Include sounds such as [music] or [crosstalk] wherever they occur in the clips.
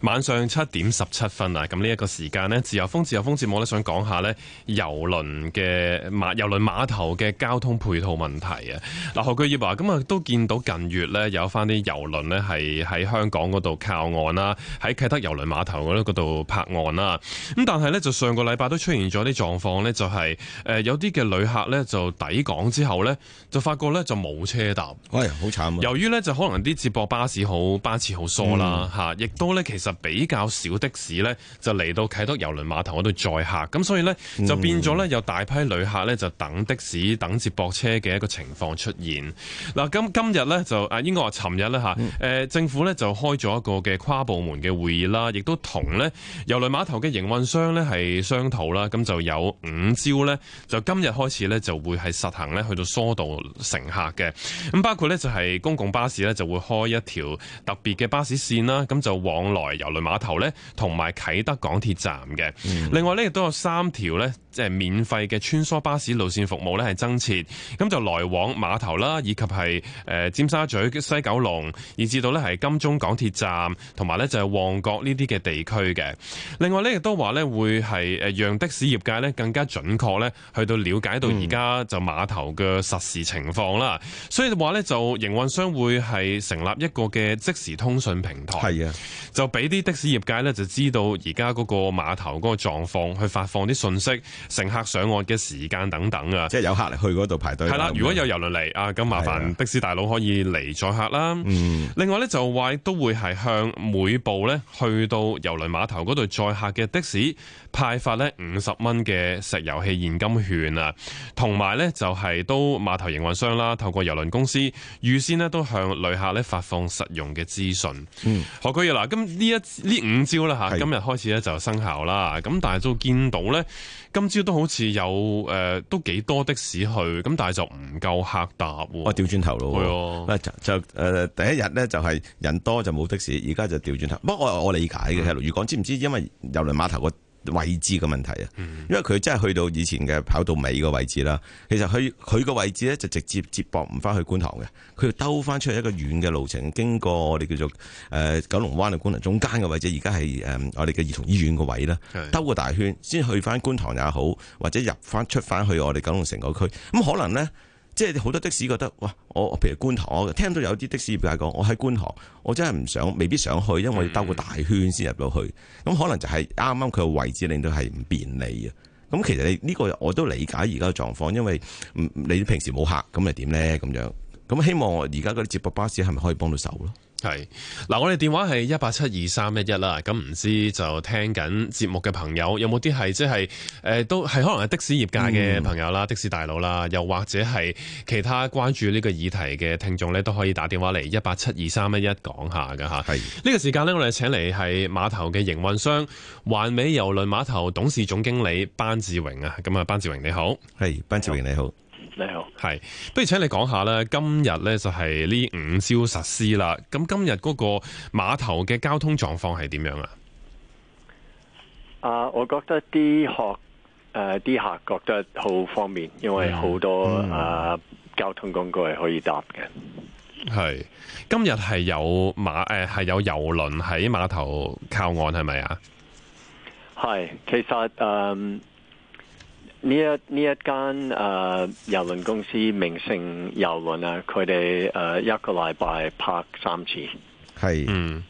晚上七點十七分啊！咁呢一個時間咧，自由風自由風節目咧，想講下咧郵輪嘅碼郵輪碼頭嘅交通配套問題啊！嗱，何居業話咁啊，都見到近月咧有翻啲郵輪咧係喺香港嗰度靠岸啦，喺啟德郵輪碼頭嗰度泊岸啦。咁但係咧就上個禮拜都出現咗啲狀況咧，就係誒有啲嘅旅客咧就抵港之後咧就發覺咧就冇車搭，喂，好慘、啊、由於咧就可能啲接駁巴士好巴士好疏啦，吓、嗯，亦都咧其實。就比較少的士咧，就嚟到啟德郵輪碼頭度載客，咁所以咧就變咗咧有大批旅客咧就等的士等接駁車嘅一個情況出現。嗱，咁今日咧就啊應該話尋日咧吓誒政府咧就開咗一個嘅跨部門嘅會議啦，亦都同咧郵輪碼頭嘅營運商咧係商討啦，咁就有五招咧，就今日開始咧就會係實行咧去到疏導乘客嘅，咁包括咧就係公共巴士咧就會開一條特別嘅巴士綫啦，咁就往來。遊輪碼頭咧，同埋啟德港鐵站嘅。另外咧亦都有三條咧，即係免費嘅穿梭巴士路綫服務咧係增設，咁就來往碼頭啦，以及係誒尖沙咀、西九龍，以至到咧係金鐘港鐵站，同埋咧就係旺角呢啲嘅地區嘅。另外咧亦都話咧會係誒讓的士業界咧更加準確咧去到了解到而家就碼頭嘅實時情況啦。所以話咧就營運商會係成立一個嘅即時通訊平台，係啊，就俾。.啲的士業界呢就知道而家嗰個碼頭嗰個狀況，去發放啲信息、乘客上岸嘅時間等等啊！即係有客嚟去嗰度排隊。係啦，如果有郵輪嚟啊，咁麻煩的士大佬可以嚟載客啦。嗯。另外呢，就話都會係向每部呢去到郵輪碼頭嗰度載客嘅的，的士派發呢五十蚊嘅石油氣現金券啊，同埋呢，就係都碼頭營運商啦，透過郵輪公司預先呢都向旅客呢發放實用嘅資訊。嗯。何區業嗱？咁呢呢五招啦嚇，今日開始咧就生效啦。咁但係都見到咧，今朝都好似有誒、呃，都幾多的士去。咁但係就唔夠客搭喎、啊。啊，掉轉頭路係啊，就就、呃、第一日咧就係人多就冇的士，而家就掉轉頭。不過我我，我理解嘅，如果廣知唔知因為郵輪碼頭個位置嘅問題啊，因為佢真係去到以前嘅跑道尾嘅位置啦。其實佢佢嘅位置咧就直接接駁唔翻去觀塘嘅，佢兜翻出去一個遠嘅路程，經過我哋叫做誒、呃、九龍灣啊觀塘中間嘅位置，而家係誒我哋嘅兒童醫院個位啦，兜個大圈先去翻觀塘也好，或者入翻出翻去我哋九龍城嗰區，咁、嗯、可能咧。即係好多的士覺得，哇！我，我譬如觀塘，我聽到有啲的士業界講，我喺觀塘，我真係唔想，未必想去，因為我要兜個大圈先入到去。咁可能就係啱啱佢個位置令到係唔便利啊。咁其實你呢個我都理解而家嘅狀況，因為你平時冇客，咁咪點呢？咁樣？咁希望而家嗰啲接駁巴士係咪可以幫到手咯？係嗱，我哋電話係一八七二三一一啦，咁唔知就聽緊節目嘅朋友有冇啲係即係誒、呃，都係可能係的士業界嘅朋友啦、嗯，的士大佬啦，又或者係其他關注呢個議題嘅聽眾呢，都可以打電話嚟一八七二三一一講下噶吓。係呢、這個時間呢，我哋請嚟係碼頭嘅營運商環美郵輪碼頭董事總經理班智榮啊。咁啊，班智榮你好，係班智榮你好。好你好，係不如請你講下咧，今日咧就係呢五招實施啦。咁今日嗰個碼頭嘅交通狀況係點樣啊？啊、呃，我覺得啲客誒，啲、呃、客覺得好方便，因為好多啊、嗯嗯呃、交通工具係可以搭嘅。係今日係有馬誒，係、呃、有郵輪喺碼頭靠岸，係咪啊？係，其實誒。呃呢一呢一間誒郵、呃、輪公司名勝郵輪啊，佢哋誒一個禮拜泊三次，係嗯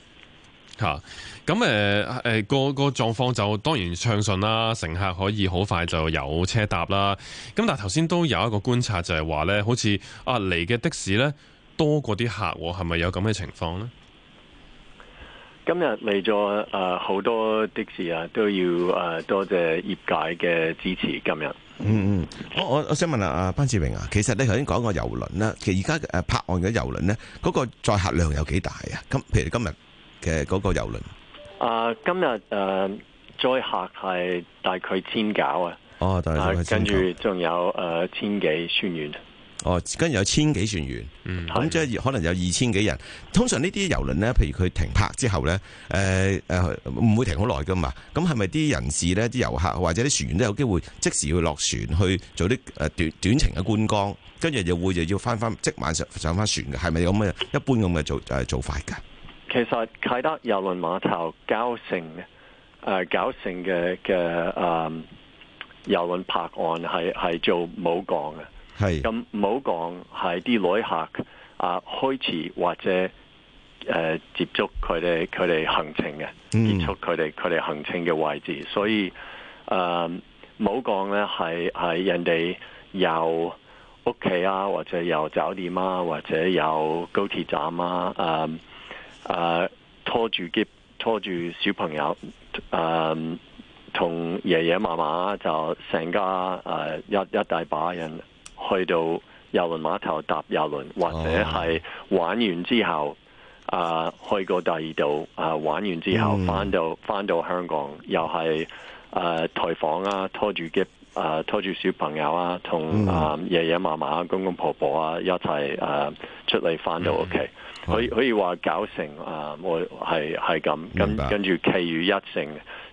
嚇咁誒誒個、嗰個狀況就當然暢順啦，乘客可以好快就有車搭啦。咁但係頭先都有一個觀察，就係話咧，好似啊嚟嘅的，的士咧多過啲客，係咪有咁嘅情況呢？今日嚟咗誒好多的士啊，都要誒多謝業界嘅支持。今日，嗯嗯，我我我想問下啊，班智榮啊，其實你頭先講個郵輪咧，其實而家誒泊岸嘅郵輪咧，嗰個載客量有幾大啊？今，譬如今日嘅嗰個郵輪，啊，今日誒載客係大概千九啊，哦，大概千九，跟住仲有誒千幾船員。哦，跟住有千幾船員，咁、嗯、即係可能有二千幾人。通常呢啲遊輪咧，譬如佢停泊之後咧，誒、呃、誒，唔、呃、會停好耐噶嘛。咁係咪啲人士咧、啲遊客或者啲船員都有機會即時要落船去做啲誒短短程嘅觀光，跟住又會又要翻翻即晚上上翻船嘅？係咪咁嘅？一般咁嘅做誒、呃、做法噶？其實啟德郵輪碼頭九成誒九成嘅嘅誒郵輪泊岸係係做母港嘅。係咁唔好講係啲旅客啊，開始或者誒接觸佢哋佢哋行程嘅，接觸佢哋佢哋行程嘅位置，所以誒唔好講咧係喺人哋有屋企啊，或者有酒店啊，或者有高鐵站啊，誒誒拖住篋拖住小朋友，誒同爺爺嫲嫲就成家誒一一大把人。去到郵輪碼頭搭郵輪，或者係玩完之後啊、呃，去過第二度啊、呃、玩完之後翻到翻、mm. 到香港，又係誒、呃、台房啊拖住嘅誒拖住小朋友啊，同啊、mm. 呃、爺爺嫲嫲啊公公婆婆啊一齊誒、呃、出嚟翻到屋企、mm. okay，可可以話搞成誒、呃、我係係咁，跟跟住其餘一成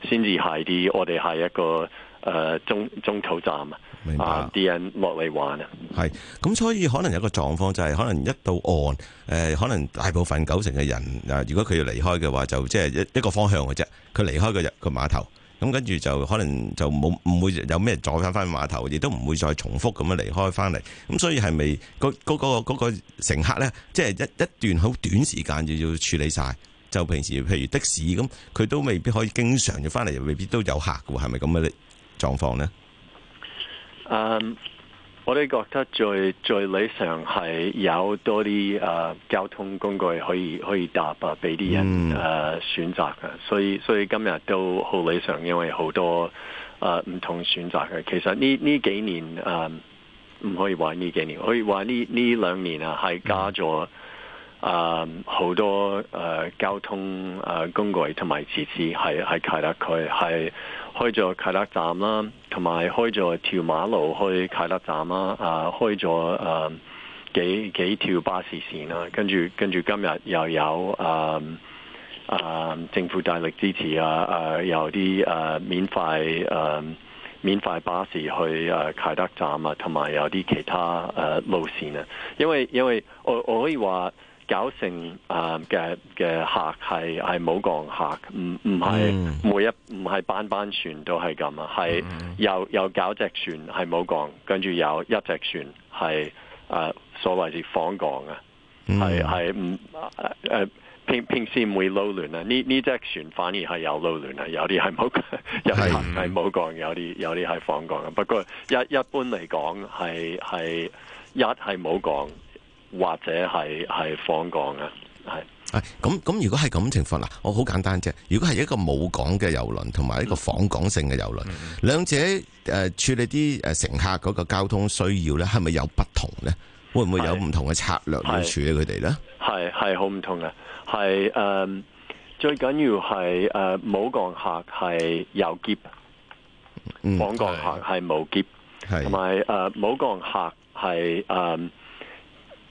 先至係啲我哋係一個。誒、呃，中中途站啊，啲人落嚟玩啊，係咁，所以可能有個狀況就係可能一到岸誒、呃，可能大部分九成嘅人啊，如果佢要離開嘅話，就即係一一個方向嘅啫。佢離開日個碼頭咁，跟住就可能就冇唔會有咩左返翻碼頭，亦都唔會再重複咁樣離開翻嚟。咁所以係咪、嗰個嗰、嗰個嗰個乘客咧，即、就、係、係、一一段好短時間要要處理晒，就平時譬如的士咁，佢都未必可以經常要翻嚟，未必都有客嘅喎，係咪咁嘅咧？狀況呢，嗯、um,，我哋覺得最最理想係有多啲啊交通工具可以可以搭啊，俾啲人誒選擇嘅，所以所以今日都好理想，因為好多誒唔同選擇嘅。其實呢呢幾年誒唔可以話呢幾年，可以話呢呢兩年啊係加咗。啊、嗯，好多誒、呃、交通誒、呃、工具同埋設施係係啟德區，係開咗啟德站啦，同埋開咗條馬路去啟德站啦，啊開咗誒、呃、幾幾條巴士線啦，跟住跟住今日又有啊，啊政府大力支持啊，啊有啲誒、啊、免費誒、啊、免費巴士去誒啟、啊、德站啊，同埋有啲其他、啊、路線啊，因為因為我我可以話。九成啊嘅嘅客係係冇降客，唔唔係每一唔係，嗯、班班船都係咁啊，係有有九隻船係冇降，跟住有一隻船係，呃、所謂，嗯、是放降嘅。係係唔誒誒，偏偏先會撈亂啊！呢呢隻船反而係有撈亂啊，有啲係冇，有冇降，有啲有啲係放降，不過一一般嚟講，係係一係冇降。或者係係訪港嘅，係。誒咁咁，如果係咁情況嗱，我好簡單啫。如果係一個母港嘅郵輪，同埋一個訪港性嘅郵輪、嗯，兩者誒、呃、處理啲誒乘客嗰個交通需要咧，係咪有不同咧？會唔會有唔同嘅策略去處理佢哋咧？係係好唔同嘅，係誒、嗯、最緊要係誒母港客係有篋，訪港客係冇篋，同埋誒母港客係誒。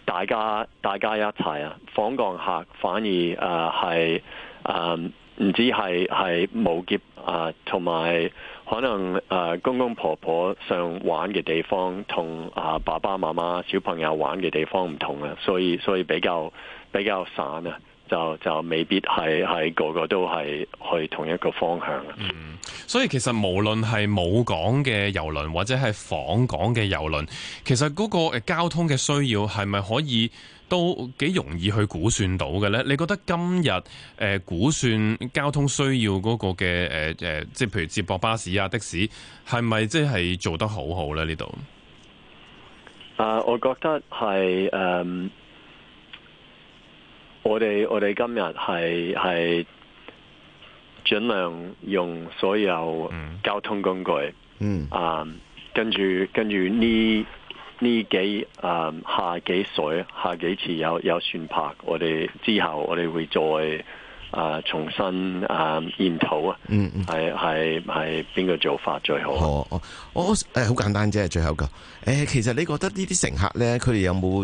大家大家一齊啊，訪港客反而誒係誒唔知係係冇結啊，同、呃、埋、呃呃、可能誒、呃、公公婆婆想玩嘅地方同啊、呃、爸爸媽媽小朋友玩嘅地方唔同啊，所以所以比較比較散啊。就就未必係係個個都係去同一個方向嗯，所以其實無論係母港嘅遊輪或者係訪港嘅遊輪，其實嗰、那個誒、呃、交通嘅需要係咪可以都幾容易去估算到嘅呢？你覺得今日誒、呃、估算交通需要嗰個嘅誒誒，即係譬如接駁巴士啊、的士，係咪即係做得好好呢？呢度啊，我覺得係誒。呃我哋我哋今日係係盡量用所有交通工具，嗯、um, 這這啊，跟住跟住呢呢幾啊下幾水下幾次有有船泊，我哋之後我哋會再。啊、呃！重新啊、呃，研討啊，嗯，係係係邊個做法最好，好？哦哦，誒好、哎、簡單啫，最後個誒、哎，其實你覺得呢啲乘客咧，佢哋有冇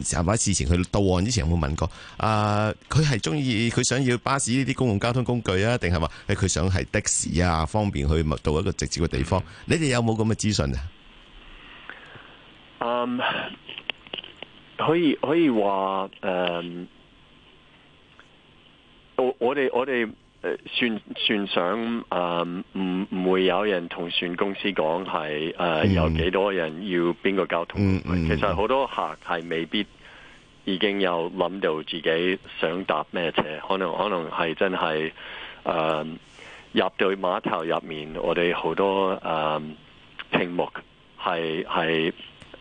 誒，事、嗯、前去到岸之前有冇問過？啊、呃，佢係中意佢想要巴士呢啲公共交通工具啊，定係話誒佢想係的士啊，方便去到一個直接嘅地方？你哋有冇咁嘅資訊啊？可以可以話誒。嗯我哋我哋誒算算想，唔、呃、唔會有人同船公司講係誒有幾多人要邊個交通。Mm-hmm. 其實好多客係未必已經有諗到自己想搭咩車，可能可能係真係誒、呃、入到碼頭入面，我哋好多誒、呃、屏幕係係。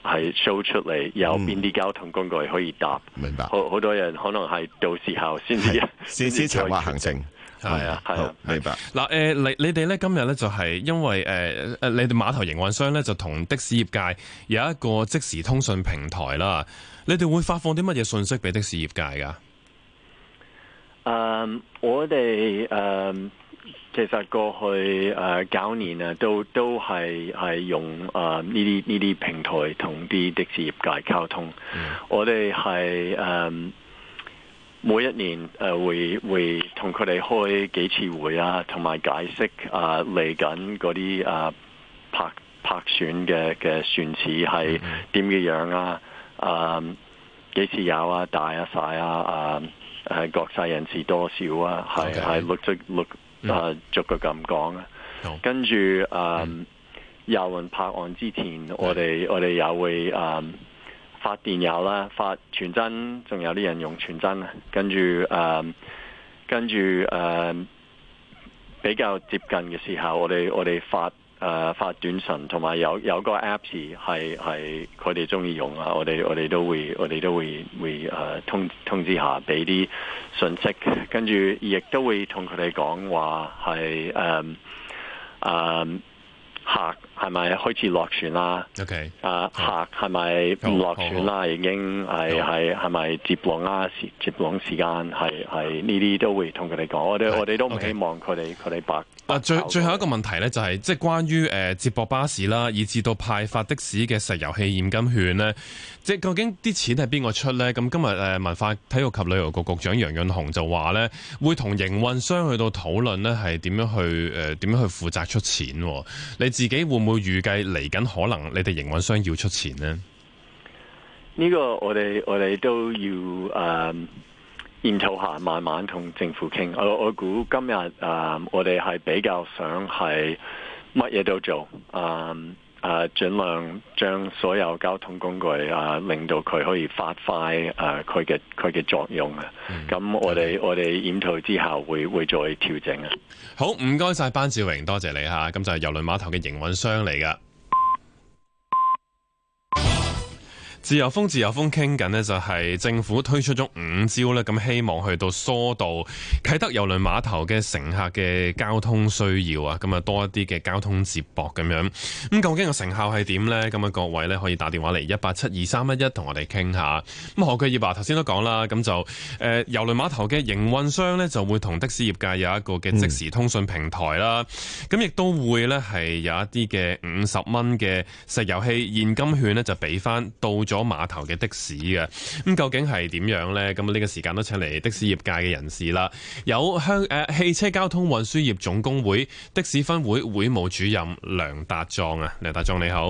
係 show 出嚟有邊啲交通工具可以搭，嗯、明白？好好多人可能係到時候先至先至籌劃行程，係啊、嗯、啊，好是啊明白。嗱，誒、呃，你你哋咧今日咧就係因為誒誒、呃，你哋碼頭營運商咧就同的士業界有一個即時通訊平台啦，你哋會發放啲乜嘢信息俾的士業界噶？嗯、um，我哋誒。其實過去、呃、九年啊，都都係係用啊呢啲呢啲平台同啲的士業界溝通。Mm -hmm. 我哋係、嗯、每一年、呃、會會同佢哋開幾次會啊，同埋解釋、呃、啊嚟緊嗰啲啊拍拍船嘅嘅船次係點嘅樣啊，mm -hmm. 啊，幾次有啊，大啊細啊，國際人士多少啊，係係 l 嗯、啊，逐個咁講啊，跟住誒，郵輪、嗯嗯、泊岸之前，我哋我哋又會誒、嗯、發電郵啦，發傳真，仲有啲人用傳真啊，跟住誒、嗯，跟住誒、嗯、比較接近嘅時候，我哋我哋發誒、呃，發短信，同埋有有個 Apps 係係佢哋中意用啊！我哋我哋都會我哋都會會誒通通知下俾啲信息，跟住亦都會同佢哋講話係誒誒客。係咪開始落船啦，啊？OK，啊客係咪落船啦，啊？已經係係係咪接駁啊，接駁時間係係呢啲都會同佢哋講，我哋我哋都唔希望佢哋佢哋白。啊最最後一個問題咧，就是，就係即係關於誒、呃、接駁巴士啦，以至到派發的士嘅石油氣現金券咧，即係究竟啲錢係邊個出咧？咁今日誒、呃、文化體育及旅遊局局長楊潤雄就話咧，會同營運商去到討論咧，係點樣去誒點、呃、樣去負責出錢，你自己會唔會。會預計嚟緊可能你哋營運商要出錢呢？呢、呢個，我哋我哋都要誒、嗯，研究下，慢慢同政府傾。我我估今日誒，我哋係、嗯、比較想係乜嘢都做誒。嗯啊！儘量將所有交通工具啊，令到佢可以發揮啊，佢嘅佢嘅作用啊。咁、嗯、我哋、嗯、我哋檢討之後，會會再調整啊。好，唔該晒，班智榮，多謝，謝你嚇。咁就係郵輪碼頭嘅營運商嚟噶。自由風自由風傾緊咧，就係、是、政府推出咗五招咧，咁希望去到疏導啟德郵輪碼頭嘅乘客嘅交通需要啊，咁啊多一啲嘅交通接駁咁樣。咁、嗯、究竟個成效係點咧？咁啊，各位咧可以打電話嚟一八七二三一一，同我哋傾下。咁何繼業話、呃、頭先都講啦，咁就誒郵輪碼頭嘅營運商咧就會同的士業界有一個嘅即時通訊平台啦，咁亦都會咧係有一啲嘅五十蚊嘅石油氣現金券咧就俾翻到咗。咗碼頭嘅的、的士嘅，咁究竟係點樣咧？咁、這、呢個時間都請嚟的士業界嘅人士啦，有香誒、啊、汽車交通運輸業總公會的士分會會務主任梁達壯啊，梁達壯你好，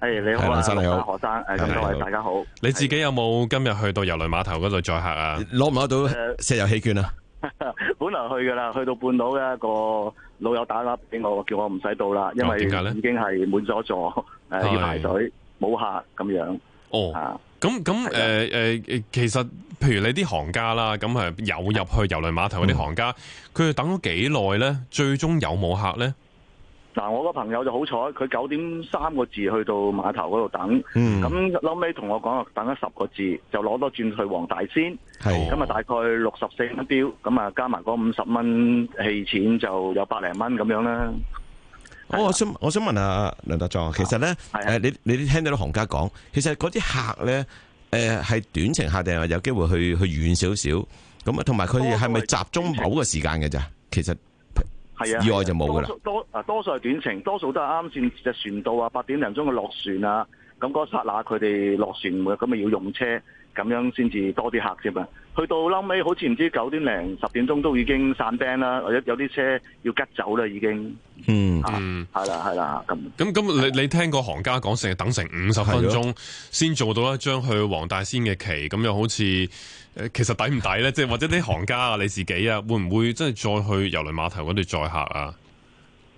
誒你好啊，學生你好，生你好學生誒各位大家好，你自己有冇今日去到郵輪碼頭嗰度載客啊？攞唔攞到石油氣券啊、呃？本來去噶啦，去到半島嘅一個老友打下俾我，叫我唔使到啦，因為已經係滿咗座，誒要排隊冇客咁樣。哦，咁咁，誒誒、呃呃、其實，譬如你啲行家啦，咁係有入去郵輪碼頭嗰啲行家，佢哋、嗯、等咗幾耐咧？最終有冇客咧？嗱，我個朋友就好彩，佢九點三個字去到碼頭嗰度等，咁、嗯、後尾同我講，等咗十個字就攞多轉去黃大仙，咁啊大概六十四蚊錶，咁啊加埋嗰五十蚊棄錢就有百零蚊咁樣啦。我想我想問下梁達壯、啊、其實咧、啊，你你聽到啲行家講，其實嗰啲客咧，誒係短程客定，係有機會去去遠少少，咁啊，同埋佢哋係咪集中某個時間嘅咋？其實係啊，意外就冇噶啦，多啊多，多數係短程，多數都係啱先隻船到啊，八點零鐘嘅落船啊。咁、那、嗰、個、剎那佢哋落船，咁咪要用車，咁樣先至多啲客啫嘛。去到撈尾，好似唔知九點零十點鐘都已經散兵啦，或者有啲車要吉走啦，已經。嗯，係、啊、啦，係、嗯、啦，咁。咁咁，你你聽個行家講成日等成五十分鐘先做到一張去黃大仙嘅旗，咁又好似其實抵唔抵咧？即 [laughs] 係或者啲行家啊，你自己啊，會唔會即係再去郵輪碼頭嗰度載客啊？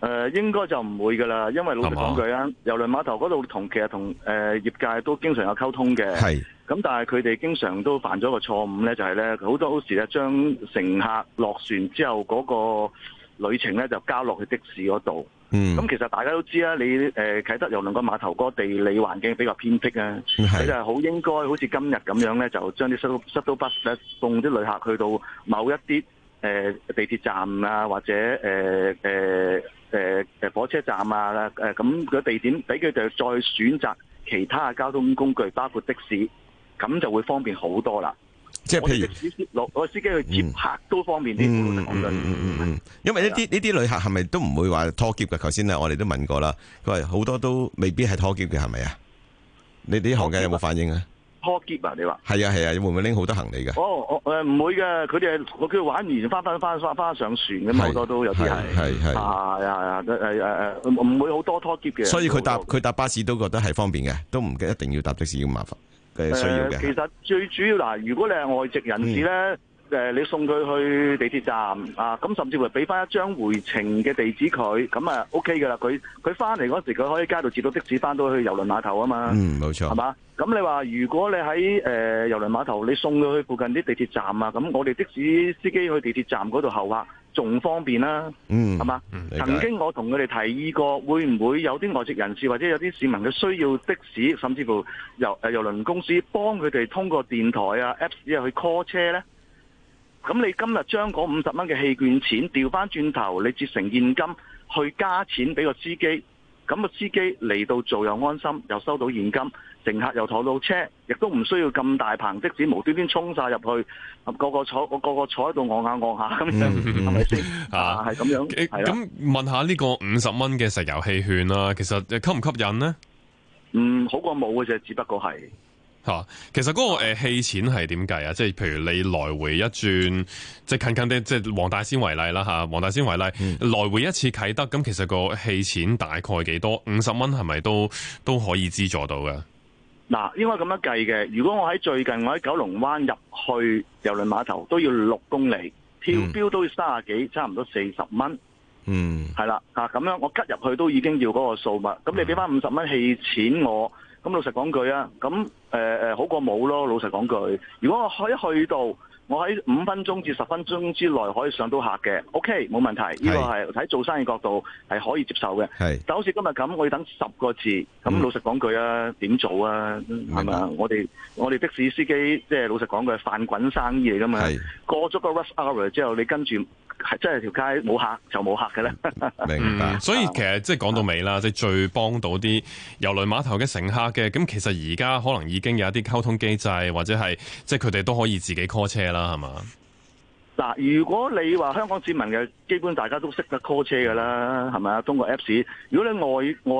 誒、呃、應該就唔會噶啦，因為老實講句啊，遊輪碼頭嗰度同其實同誒、呃、業界都經常有溝通嘅。係。咁但係佢哋經常都犯咗個錯誤咧，就係咧好多時咧將乘客落船之後嗰個旅程咧就交落去的士嗰度。嗯。咁其實大家都知啦、啊，你誒啟德遊輪嗰碼頭嗰個地理環境比較偏僻啊，你就係好應該好似今日咁樣咧，就將啲 shuttle shuttle bus 咧送啲旅客去到某一啲誒、呃、地鐵站啊，或者誒、呃呃誒誒，火車站啊，誒，咁個地點俾佢哋再選擇其他嘅交通工具，包括的士，咁就會方便好多啦。即係譬如司司老個司機去接客都方便啲，咁樣。嗯嗯，嗯，嗯，嗯，因為呢啲呢啲旅客係咪都唔會話拖劫嘅？頭先啊，我哋都問過啦。佢話好多都未必係拖劫嘅，係咪啊？你哋啲行家有冇反應啊？嗯嗯嗯嗯拖劫啊！你話係啊係啊，會唔會拎好多行李㗎？哦哦唔、呃、會嘅。佢哋係佢玩完翻翻翻翻上船咁啊，好多都有啲係係係係係係誒誒誒，唔、啊啊啊啊啊、會好多拖劫嘅。所以佢搭佢搭巴士都覺得係方便嘅，都唔一定要搭的士，要麻煩嘅需要嘅、呃。其實最主要嗱，如果你係外籍人士咧、嗯，你送佢去地鐵站啊，咁甚至乎俾翻一張回程嘅地址佢，咁啊 OK 㗎啦。佢佢翻嚟嗰時，佢可以街度截到的士，翻到去郵輪碼頭啊嘛。嗯，冇錯，係嘛？咁你話如果你喺誒郵輪碼頭，你送佢去附近啲地鐵站啊，咁我哋的士司機去地鐵站嗰度候客仲方便啦、啊，係、嗯、嘛？曾經我同佢哋提議過，會唔會有啲外籍人士或者有啲市民嘅，需要的士，甚至乎由誒郵輪公司幫佢哋通過電台啊、Apps 啊去 call 車呢？咁你今日將嗰五十蚊嘅戲券錢調翻轉頭，你折成現金去加錢俾個司機？咁嘅司機嚟到做又安心，又收到現金，乘客又坐到車，亦都唔需要咁大棚的士無端端衝晒入去，個個坐個個坐喺度按下按下咁樣，係咪先？係啊，係、啊、咁樣。咁、嗯嗯、問下呢個五十蚊嘅石油氣券啦，其實吸唔吸引呢？嗯，好過冇嘅啫，只不過係。嚇，其實嗰個誒氣錢係點計啊？即係譬如你來回一轉，即係近近啲，即係黃大仙為例啦嚇。黃大仙為例，來回一次啟德，咁其實個氣錢大概幾多？五十蚊係咪都都可以資助到㗎？嗱，應該咁樣計嘅，如果我喺最近，我喺九龍灣入去郵輪碼頭都要六公里，跳標都要三十幾，差唔多四十蚊。嗯，係啦嚇，咁樣我吉入去都已經要嗰個數目，咁你俾翻五十蚊氣錢我？咁老實講句啊，咁誒、呃、好過冇咯。老實講句，如果我可以去到，我喺五分鐘至十分鐘之內可以上到客嘅，OK 冇問題。呢個係喺做生意角度係可以接受嘅。但係好似今日咁，我要等十個字，咁老實講句啊，點、嗯、做啊？係嘛？我哋我哋的士司機即係、就是、老實講句犯泛滾生意嚟㗎嘛。過咗個 rush hour 之後，你跟住。係真係條街冇客就冇客嘅咧，明白、 [laughs] 嗯。所以其實即係講到尾啦，即、嗯、係最幫到啲郵輪碼頭嘅乘客嘅。咁其實而家可能已經有一啲溝通機製，或者係即係佢哋都可以自己 call 車啦，係嘛？嗱，如果你話香港市民嘅基本大家都識得 call 車噶啦，係咪啊？通過 Apps。如果你外外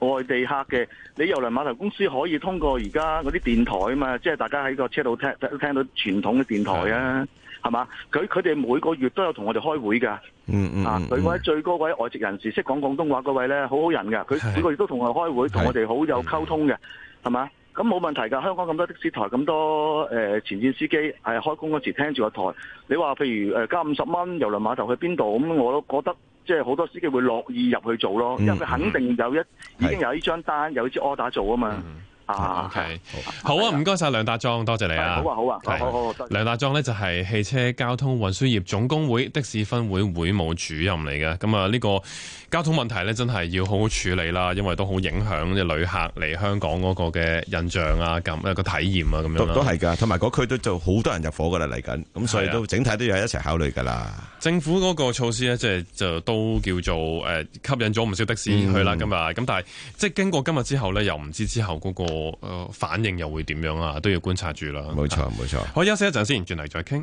外地客嘅，你郵輪碼頭公司可以通過而家嗰啲電台啊嘛，即係大家喺個車度聽都聽到傳統嘅電台啊。係嘛？佢佢哋每個月都有同我哋開會㗎。嗯嗯嗯。佢、啊、位最高位外籍人士，識、嗯、講廣東話嗰位咧，好好人㗎。佢每個月都同我哋開會，同我哋好有溝通嘅。係嘛？咁冇問題㗎。香港咁多的士台，咁多、呃、前線司機係、呃、開工嗰時聽住個台。你話譬如誒、呃、加五十蚊郵輪碼頭去邊度咁，我都覺得即係好多司機會樂意入去做咯，因為佢肯定有一已經有呢張單，有支 order 做啊嘛。嗯嗯。Okay. 好啊，唔該晒梁達壯，多謝，謝你啊。好啊，好啊，係、啊啊啊啊啊啊啊啊。梁達壯呢，就係汽車交通運輸業總公會的士分會會務主任嚟嘅。咁啊，呢個交通問題呢，真係要好好處理啦，因為都好影響即旅客嚟香港嗰個嘅印象啊，咁、那、一個體驗啊，咁樣。都都係噶，同埋嗰區都就好多人入伙噶啦，嚟緊。咁所以都整體都要一齊考慮噶啦。政府嗰個措施呢，即係就都叫做誒、呃、吸引咗唔少的士去啦。今日咁，但係即係經過今日之後呢，又唔知之後嗰、那個。我反應又會點樣啊？都要觀察住啦。冇錯，冇錯。可以休息一陣先，轉嚟再傾。